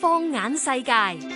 放眼世界。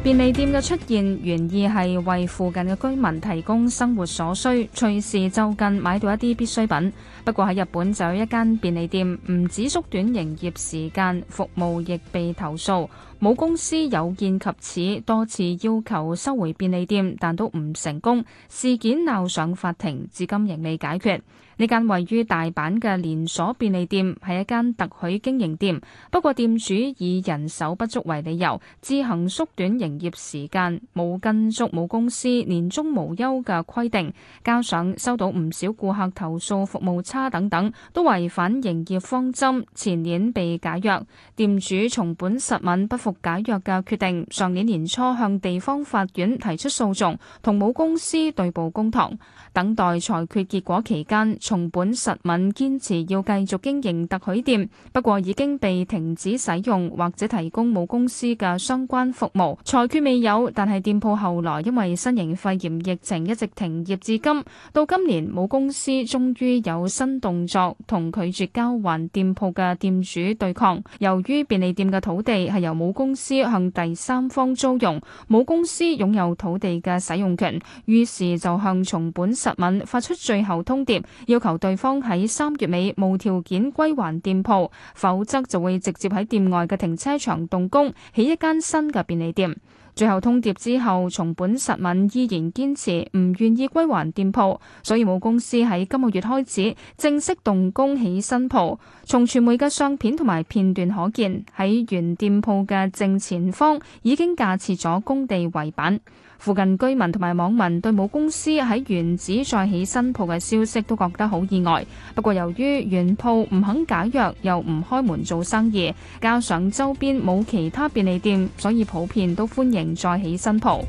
便利店嘅出現原意係為附近嘅居民提供生活所需，隨時就近買到一啲必需品。不過喺日本就有一間便利店，唔止縮短營業時間，服務亦被投訴。母公司有見及此多次要求收回便利店，但都唔成功，事件鬧上法庭，至今仍未解決。呢間位於大阪嘅連鎖便利店係一間特許經營店，不過店主以人手不足為理由，自行縮短營業營業時間冇跟足母公司年終無休嘅規定，加上收到唔少顧客投訴服務差等等，都違反營業方針。前年被解約，店主松本實敏不服解約嘅決定，上年年初向地方法院提出訴訟，同母公司對簿公堂。等待裁決結果期間，松本實敏堅持要繼續經營特許店，不過已經被停止使用或者提供母公司嘅相關服務。裁決未有，但係店鋪後來因為新型肺炎疫情一直停業至今。到今年，母公司終於有新動作，同拒絕交還店鋪嘅店主對抗。由於便利店嘅土地係由母公司向第三方租用，母公司擁有土地嘅使用權，於是就向松本實敏發出最後通牒，要求對方喺三月尾無條件歸還店鋪，否則就會直接喺店外嘅停車場動工起一間新嘅便利店。最後通牒之後，松本實敏依然堅持唔願意歸還店鋪，所以母公司喺今個月開始正式動工起新鋪。從傳媒嘅相片同埋片段可見，喺原店鋪嘅正前方已經架設咗工地圍板。附近居民同埋網民對母公司喺原址再起新鋪嘅消息都覺得好意外。不過由於原鋪唔肯解約又唔開門做生意，加上周邊冇其他便利店，所以普遍都歡迎。再起新舖。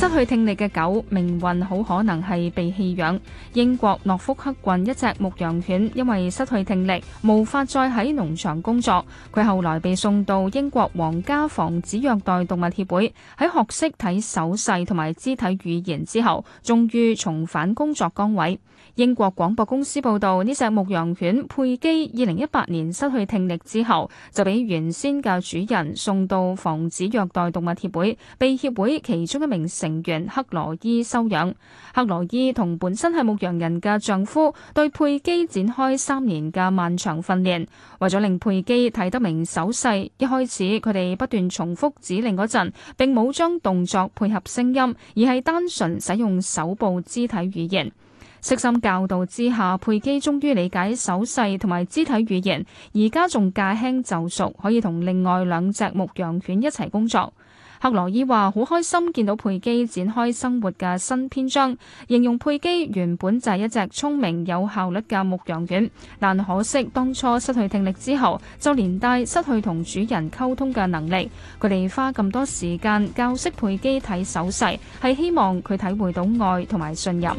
失去聽力嘅狗命運好可能係被棄養。英國諾福克郡一隻牧羊犬因為失去聽力，無法再喺農場工作，佢後來被送到英國皇家防止虐待動物協會。喺學識睇手勢同埋肢體語言之後，終於重返工作崗位。英國廣播公司報道，呢隻牧羊犬佩基二零一八年失去聽力之後，就俾原先嘅主人送到防止虐待動物協會，被協會其中一名成成員克羅伊收養克羅伊同本身係牧羊人嘅丈夫對佩基展開三年嘅漫長訓練，為咗令佩基睇得明手勢，一開始佢哋不斷重複指令嗰陣，並冇將動作配合聲音，而係單純使用手部肢體語言。悉心教導之下，佩基終於理解手勢同埋肢體語言，而家仲駕輕就熟，可以同另外兩隻牧羊犬一齊工作。克羅伊話：好開心見到佩基展開生活嘅新篇章。形容佩基原本就係一隻聰明有效率嘅牧羊犬，但可惜當初失去聽力之後，就連帶失去同主人溝通嘅能力。佢哋花咁多時間教識佩基睇手勢，係希望佢體會到愛同埋信任。